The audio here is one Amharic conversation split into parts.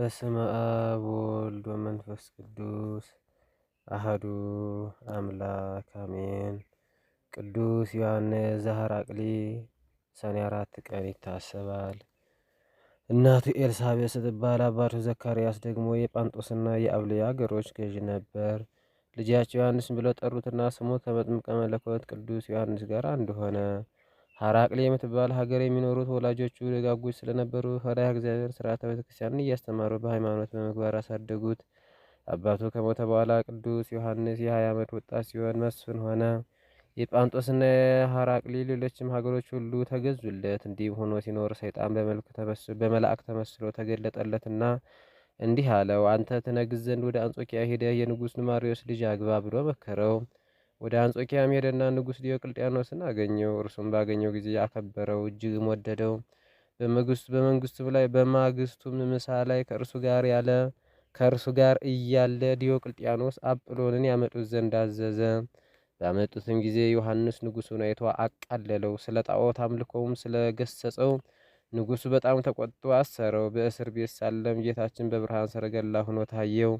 በስመ አብ ወልድ ወመንፈስ ቅዱስ አህዱ አምላክ አሜን። ቅዱስ ዮሐንስ ዘሐራቅሊ ሰኔ አራት ቀን ይታሰባል። እናቱ ኤልሳቤጥ ስትባል አባቱ ዘካርያስ ደግሞ የጳንጦስና የአብልያ አገሮች ገዥ ነበር። ልጃቸው ዮሐንስ ብለው ጠሩትና ስሙ ከመጥምቀ መለኮት ቅዱስ ዮሐንስ ጋር አንድ ሆነ። ሀራቅሌ የምትባል ሀገር የሚኖሩት ወላጆቹ ደጋጎች ስለነበሩ ፈሪሃ እግዚአብሔር ስርዓተ ቤተክርስቲያንን እያስተማሩ በሃይማኖት በምግባር አሳደጉት። አባቱ ከሞተ በኋላ ቅዱስ ዮሐንስ የሀ ዓመት ወጣት ሲሆን መስፍን ሆነ። የጳንጦስና የሀራቅሌ ሌሎችም ሀገሮች ሁሉ ተገዙለት። እንዲህ ሆኖ ሲኖር ሰይጣን በመልአክ ተመስሎ ተገለጠለትና እንዲህ አለው፣ አንተ ትነግስ ዘንድ ወደ አንጾኪያ ሄደ የንጉሥ ኑማሪዎስ ልጅ አግባ ብሎ መከረው። ወደ አንጾኪያም ሄደና ንጉሥ ዲዮቅልጥያኖስን አገኘው። እርሱም ባገኘው ጊዜ አከበረው፣ እጅግም ወደደው። በመንግስቱ ላይ በማግስቱም ምሳ ላይ ከእርሱ ጋር ያለ ከእርሱ ጋር እያለ ዲዮቅልጥያኖስ አጵሎንን ያመጡት ዘንድ አዘዘ። ባመጡትም ጊዜ ዮሐንስ ንጉሱን አይቶ አቃለለው። ስለ ጣዖት አምልኮውም ስለ ገሰጸው ንጉሱ በጣም ተቆጥቶ አሰረው። በእስር ቤት ሳለም ጌታችን በብርሃን ሰረገላ ሆኖ ታየው።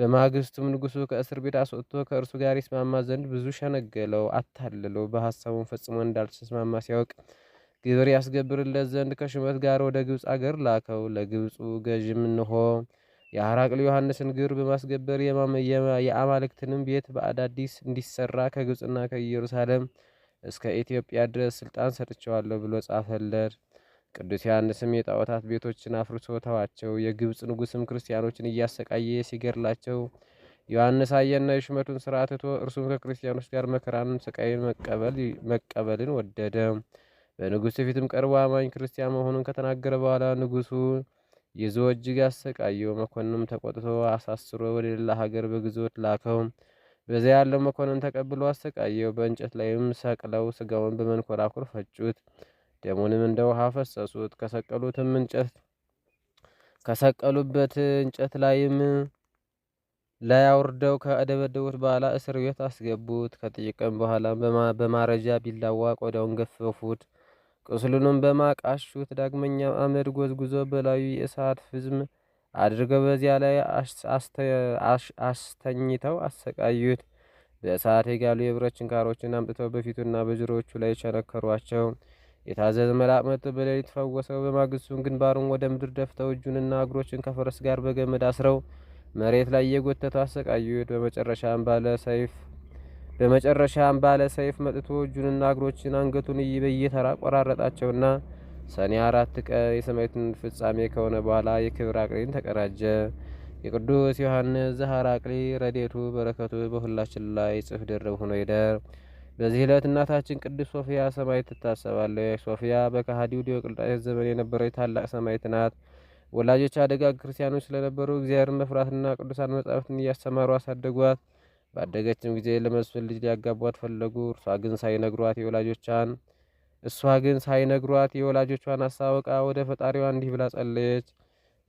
በማግስቱም ንጉሱ ከእስር ቤት አስወጥቶ ከእርሱ ጋር ይስማማ ዘንድ ብዙ ሸነገለው፣ አታለለው። በሀሳቡን ፈጽሞ እንዳልተስማማ ሲያውቅ ግብር ያስገብርለት ዘንድ ከሹመት ጋር ወደ ግብፅ አገር ላከው። ለግብፁ ገዥም እንሆ የአራቅል ዮሐንስን ግብር በማስገበር የአማልክትንም ቤት በአዳዲስ እንዲሰራ ከግብፅና ከኢየሩሳሌም እስከ ኢትዮጵያ ድረስ ስልጣን ሰጥቸዋለሁ ብሎ ጻፈለት። ቅዱስ ዮሐንስም የጣዖታት ቤቶችን አፍርሶ ተዋቸው። የግብፅ ንጉስም ክርስቲያኖችን እያሰቃየ ሲገድላቸው ዮሐንስ አየና የሹመቱን ስራ ትቶ እርሱም ከክርስቲያኖች ጋር መከራን ስቃይን መቀበልን ወደደ። በንጉሥ ፊትም ቀርቦ አማኝ ክርስቲያን መሆኑን ከተናገረ በኋላ ንጉሱ ይዞ እጅግ አሰቃየው። መኮንንም ተቆጥቶ አሳስሮ ወደ ሌላ ሀገር በግዞት ላከው። በዚያ ያለው መኮንን ተቀብሎ አሰቃየው። በእንጨት ላይም ሰቅለው ስጋውን በመንኮራኩር ፈጩት። ደሙንም እንደ ውሃ ፈሰሱት። ከሰቀሉትም እንጨት ከሰቀሉበት እንጨት ላይም ላይ አውርደው ከደበደቡት በኋላ እስር ቤት አስገቡት። ከጥቂት ቀን በኋላ በማረጃ ቢላዋ ቆዳውን ገፈፉት፣ ቁስሉንም በማቅ አሹት። አመድ ጎዝጉዞ በላዩ የእሳት ፍዝም አድርገው በዚያ ላይ አስተኝተው አሰቃዩት። በእሳት የጋሉ የብረት ችንካሮችን አምጥተው በፊቱና በጆሮዎቹ ላይ ቸነከሯቸው። የታዘዘ መልአክ መጥቶ በሌሊት ፈወሰው። በማግስቱን ግንባሩን ወደ ምድር ደፍተው እጁንና እግሮችን ከፈረስ ጋር በገመድ አስረው መሬት ላይ እየጎተቱ አሰቃዩት። በመጨረሻም ባለ ሰይፍ በመጨረሻም ባለ ሰይፍ መጥቶ እጁንና እግሮችን አንገቱን በየተራ ቆራረጣቸውና ሰኔ አራት ቀን የሰማዕትነት ፍጻሜ ከሆነ በኋላ የክብር አክሊልን ተቀዳጀ። የቅዱስ ዮሐንስ ዘሐራቅሊ ረዴቱ በረከቱ በሁላችን ላይ ጽፍ ደርብ ሆኖ ይደር። በዚህ ዕለት እናታችን ቅድስት ሶፊያ ሰማዕት ትታሰባለች። ሶፊያ በከሃዲው ዲዮቅልጥያኖስ ዘመን የነበረች ታላቅ ሰማዕት ናት። ወላጆች ደጋግ ክርስቲያኖች ስለነበሩ እግዚአብሔርን መፍራትና ቅዱሳን መጻሕፍትን እያስተማሩ አሳደጓት። ባደገችም ጊዜ ለመስፍን ልጅ ሊያጋቧት ፈለጉ። እርሷ ግን ሳይነግሯት የወላጆቿን እሷ ግን ሳይነግሯት የወላጆቿን አስታወቃ ወደ ፈጣሪዋ እንዲህ ብላ ጸለየች።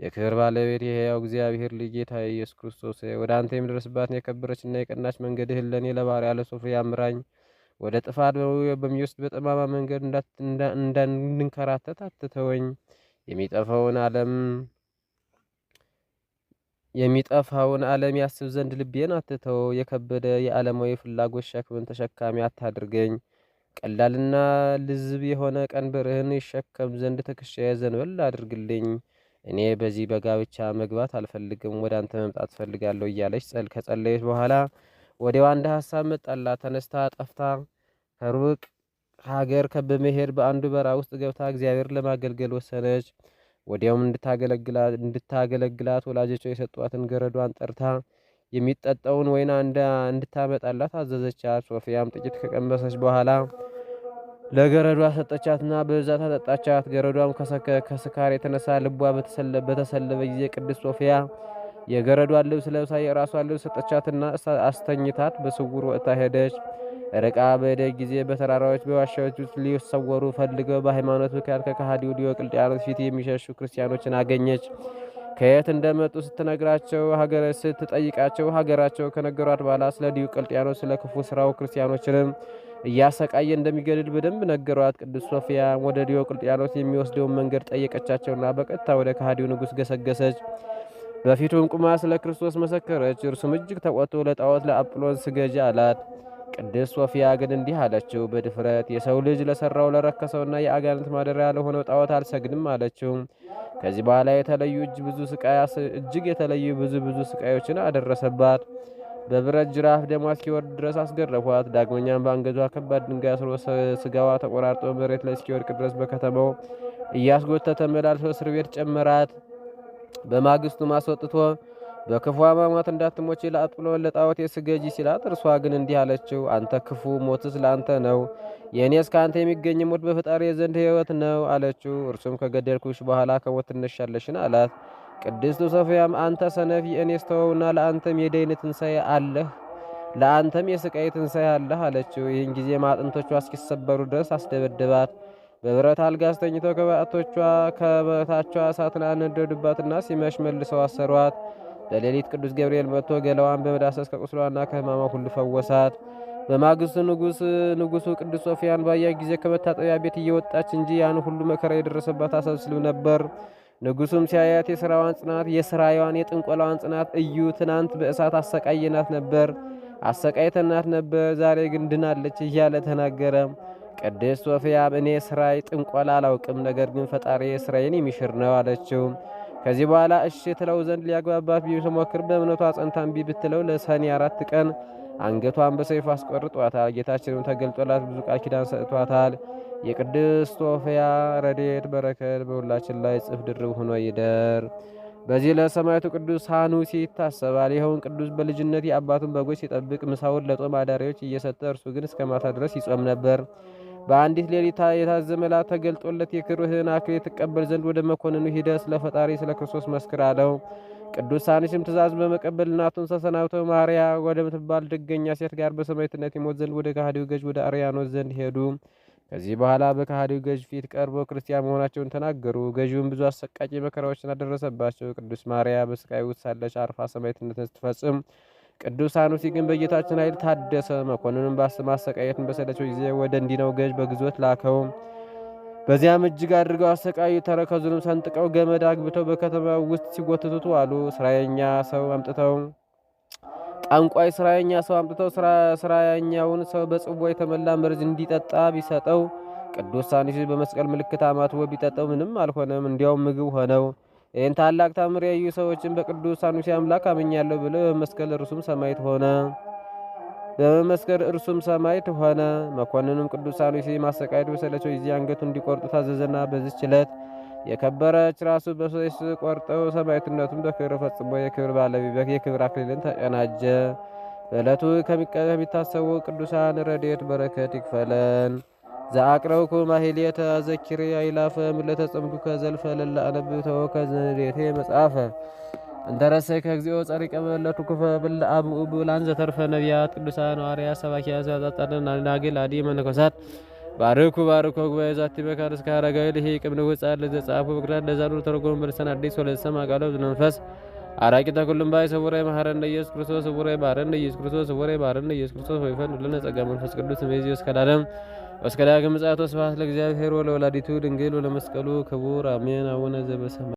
የክብር ባለቤት የሕያው እግዚአብሔር ልጅ ጌታ ኢየሱስ ክርስቶስ ወደ አንተ የሚደርስባትን የከበረችና የቀናች መንገድህን ለእኔ ለባሪያ ለሶፊያ ምራኝ። ወደ ጥፋት በሚወስድ በጠማማ መንገድ እንዳንንከራተት አትተወኝ። የሚጠፋውን ዓለም የሚጠፋውን ዓለም ያስብ ዘንድ ልቤን አትተው። የከበደ የዓለማዊ ፍላጎት ሸክምን ተሸካሚ አታድርገኝ። ቀላልና ልዝብ የሆነ ቀንበርህን ይሸከም ዘንድ ትከሻዬ ዘንበል አድርግልኝ። እኔ በዚህ በጋብቻ መግባት አልፈልግም፣ ወደ አንተ መምጣት ፈልጋለሁ እያለች ከጸለየች በኋላ ወዲያው አንድ ሀሳብ መጣላት። ተነስታ ጠፍታ ከሩቅ ሀገር በመሄድ በአንዱ በራ ውስጥ ገብታ እግዚአብሔር ለማገልገል ወሰነች። ወዲያውም እንድታገለግላት ወላጆቿ የሰጧትን ገረዷን ጠርታ የሚጠጣውን ወይና እንድታመጣላት አዘዘቻት። ሶፊያም ጥቂት ከቀመሰች በኋላ ለገረዷ ሰጠቻትና በብዛት አጠጣቻት። ገረዷም ከስካር የተነሳ ልቧ በተሰለበ ጊዜ ቅድስት ሶፊያ የገረዷን ልብስ ለብሳ የራሷን ልብስ ሰጠቻትና አስተኝታት በስውር ወጥታ ሄደች። ርቃ በሄደች ጊዜ በተራራዎች በዋሻዎች ውስጥ ሊሰወሩ ፈልገው በሃይማኖት ምክንያት ከከሃዲው ዲዮቅልጥያኖስ ፊት የሚሸሹ ክርስቲያኖችን አገኘች። ከየት እንደመጡ ስትነግራቸው ስትጠይቃቸው ሀገራቸው ከነገሯት በኋላ ስለ ዲዮቅልጥያኖስ ስለ ክፉ ስራው ክርስቲያኖችንም እያሰቃየ እንደሚገድል በደንብ ነገሯት። ቅዱስ ሶፊያ ወደ ዲዮቅልጥያኖስ የሚወስደውን መንገድ ጠየቀቻቸውና በቀጥታ ወደ ከሃዲው ንጉሥ ገሰገሰች። በፊቱም ቁማ ስለ ክርስቶስ መሰከረች። እርሱም እጅግ ተቆጥቶ ለጣዖት ለአጵሎን ስገጂ አላት። ቅድስት ሶፊያ ግን እንዲህ አለችው በድፍረት የሰው ልጅ ለሰራው ለረከሰውና የአጋንንት ማደሪያ ለሆነው ጣዖት አልሰግድም አለችው። ከዚህ በኋላ የተለዩ እጅግ የተለዩ ብዙ ብዙ ስቃዮችን አደረሰባት። በብረት ጅራፍ ደሟ እስኪወርድ ድረስ አስገረፏት። ዳግመኛም በአንገቷ ከባድ ድንጋይ አስሮ ስጋዋ ተቆራርጦ መሬት ላይ እስኪወድቅ ድረስ በከተማው እያስጎተተ መላልሶ እስር ቤት ጨመራት። በማግስቱም አስወጥቶ በክፉ ሕማማት እንዳትሞች ለአጥብሎን ለጣዖቴ የስገጂ ሲላት፣ እርሷ ግን እንዲህ አለችው፣ አንተ ክፉ ሞትስ ለአንተ ነው፣ የእኔስ ከአንተ የሚገኝ ሞት በፈጣሪ ዘንድ ሕይወት ነው አለችው። እርሱም ከገደልኩሽ በኋላ ከሞት ትነሻለሽን አላት። ቅድስት ሶፊያም አንተ ሰነፍ፣ የእኔስ ተወውና ለአንተም የደይን ትንሣኤ አለህ ለአንተም የስቃይ ትንሣኤ አለህ አለችው። ይህን ጊዜ አጥንቶቿ እስኪሰበሩ ድረስ አስደበደባት። በብረት አልጋ አስተኝቶ ከበዓቶቿ ከበታቿ እሳትን አነደዱባትና ሲመሽ መልሰው አሰሯት። በሌሊት ቅዱስ ገብርኤል መጥቶ ገላዋን በመዳሰስ ከቁስሏና ከሕማሟ ሁሉ ፈወሳት። በማግስቱ ንጉስ ንጉሱ ቅዱስ ሶፊያን ባያ ጊዜ ከመታጠቢያ ቤት እየወጣች እንጂ ያን ሁሉ መከራ የደረሰባት አሰብስልም ነበር። ንጉሱም ሲያያት የስራዋን ጽናት የስራዋን የጥንቆላዋን ጽናት እዩ። ትናንት በእሳት አሰቃየናት ነበር አሰቃይተናት ነበር፣ ዛሬ ግን ድናለች እያለ ተናገረ። ቅድስት ሶፊያ እኔ ስራይ ጥንቆላ አላውቅም፣ ነገር ግን ፈጣሪ ስራይን የሚሽር ነው አለችው። ከዚህ በኋላ እሺ ትለው ዘንድ ሊያግባባት ቢሞክር በእምነቷ ጸንታ እምቢ ብትለው ለሰኔ አራት ቀን አንገቷን በሰይፍ አስቆርጧታል። ጌታችንም ተገልጦላት ብዙ ቃል ኪዳን ሰጥቷታል። የቅድስት ሶፊያ ረድኤት በረከት በሁላችን ላይ ጽፍ ድርብ ሆኖ ይደር። በዚህ ለሰማዕቱ ቅዱስ ሐኑሲ ይታሰባል። ይኸውን ቅዱስ በልጅነት የአባቱን በጎች ሲጠብቅ ምሳውን ለጦም አዳሪዎች እየሰጠ እርሱ ግን እስከ ማታ ድረስ ይጾም ነበር። በአንዲት ሌሊት የታዘመላ ተገልጦለት የክሩህን አክል የትቀበል ዘንድ ወደ መኮንኑ ሂደ ስለ ፈጣሪ ስለ ክርስቶስ መስክር አለው። ቅዱስ ሐኑሲም ትእዛዝ በመቀበል እናቱን ተሰናብቶ ማርያ ወደምትባል ድገኛ ሴት ጋር በሰማዕትነት ይሞት ዘንድ ወደ ካህዲው ገዥ ወደ አርያኖስ ዘንድ ሄዱ። ከዚህ በኋላ በከሃዲው ገዥ ፊት ቀርበው ክርስቲያን መሆናቸውን ተናገሩ። ገዥውን ብዙ አሰቃቂ መከራዎችን አደረሰባቸው። ቅዱስ ማርያ በስቃይ ውስጥ ሳለች አርፋ ሰማዕትነትን ስትፈጽም፣ ቅዱስ አኑሲ ግን በጌታችን ኃይል ታደሰ። መኮንንም ማሰቃየትን በሰለቸው ጊዜ ወደ እንዲነው ገዥ በግዞት ላከው። በዚያም እጅግ አድርገው አሰቃዩ። ተረከዙንም ሰንጥቀው ገመድ አግብተው በከተማ ውስጥ ሲጎትቱት አሉ። እስረኛ ሰው አምጥተው አንቋይ ስራየኛ ሰው አምጥተው ስራየኛውን ሰው በጽዋ የተመላ መርዝ እንዲጠጣ ቢሰጠው ቅዱስ ሳኑሲ በመስቀል ምልክት አማትቦ ቢጠጣው ምንም አልሆነም፣ እንዲያውም ምግብ ሆነው። ይህን ታላቅ ታምር ያዩ ሰዎችን በቅዱስ ሳኑሲ አምላክ አምኛለሁ ብለው በመመስከር እርሱም ሰማይት ሆነ። በመመስከር እርሱም ሰማይት ሆነ። መኮንኑም ቅዱስ ሳኑሲ ማሰቃየቱ በሰለቸው ጊዜ አንገቱ እንዲቆርጡ ታዘዘና በዚህች ዕለት የከበረች ራሱ በሶስት ቆርጠው ሰማዕትነቱም በክብር ፈጽሞ የክብር ባለቤት የክብር አክሊልን ተቀናጀ። በዕለቱ ከሚታሰቡ ቅዱሳን ረድኤት በረከት ይክፈለን። ዘአቅረውኩ ማሕሌተ አዘኪሬ አይላፈ ለተጸምዱከ ዘልፈ ለላ አነብብተወ ከዘንዴቴ መጽሐፈ እንተረሰይከ ከእግዚኦ ጸሪቀ በለቱ ክፈ ብል አብኡ ብላን ዘተርፈ ነቢያት ቅዱሳን ዋርያ ሰባኪያ ዘጣጠነ ናናግል አዲ መነኮሳት ባርኩ ባርኩ ጉባኤ ዛቲ በካር እስከ አረጋዊ ልሄ ቅብን ወጻለ ዘጻፉ በግራድ ለዛሩ ተረጎሙ በልሳን አዲስ ወለሰማ ቃለ ዘመንፈስ አራቂ ተኩልም ባይ ሰውረ ማህረነ ኢየሱስ ክርስቶስ ሰውረ ማህረነ ኢየሱስ ክርስቶስ ሰውረ ማህረነ ኢየሱስ ክርስቶስ ወይፈን ለነ ጸጋ መንፈስ ቅዱስ መይዚ እስከ ዳለም እስከ ዳግም ምጽአት ወስብሐት ለእግዚአብሔር ወለወላዲቱ ድንግል ወለመስቀሉ ክቡር አሜን። አቡነ ዘበሰማያት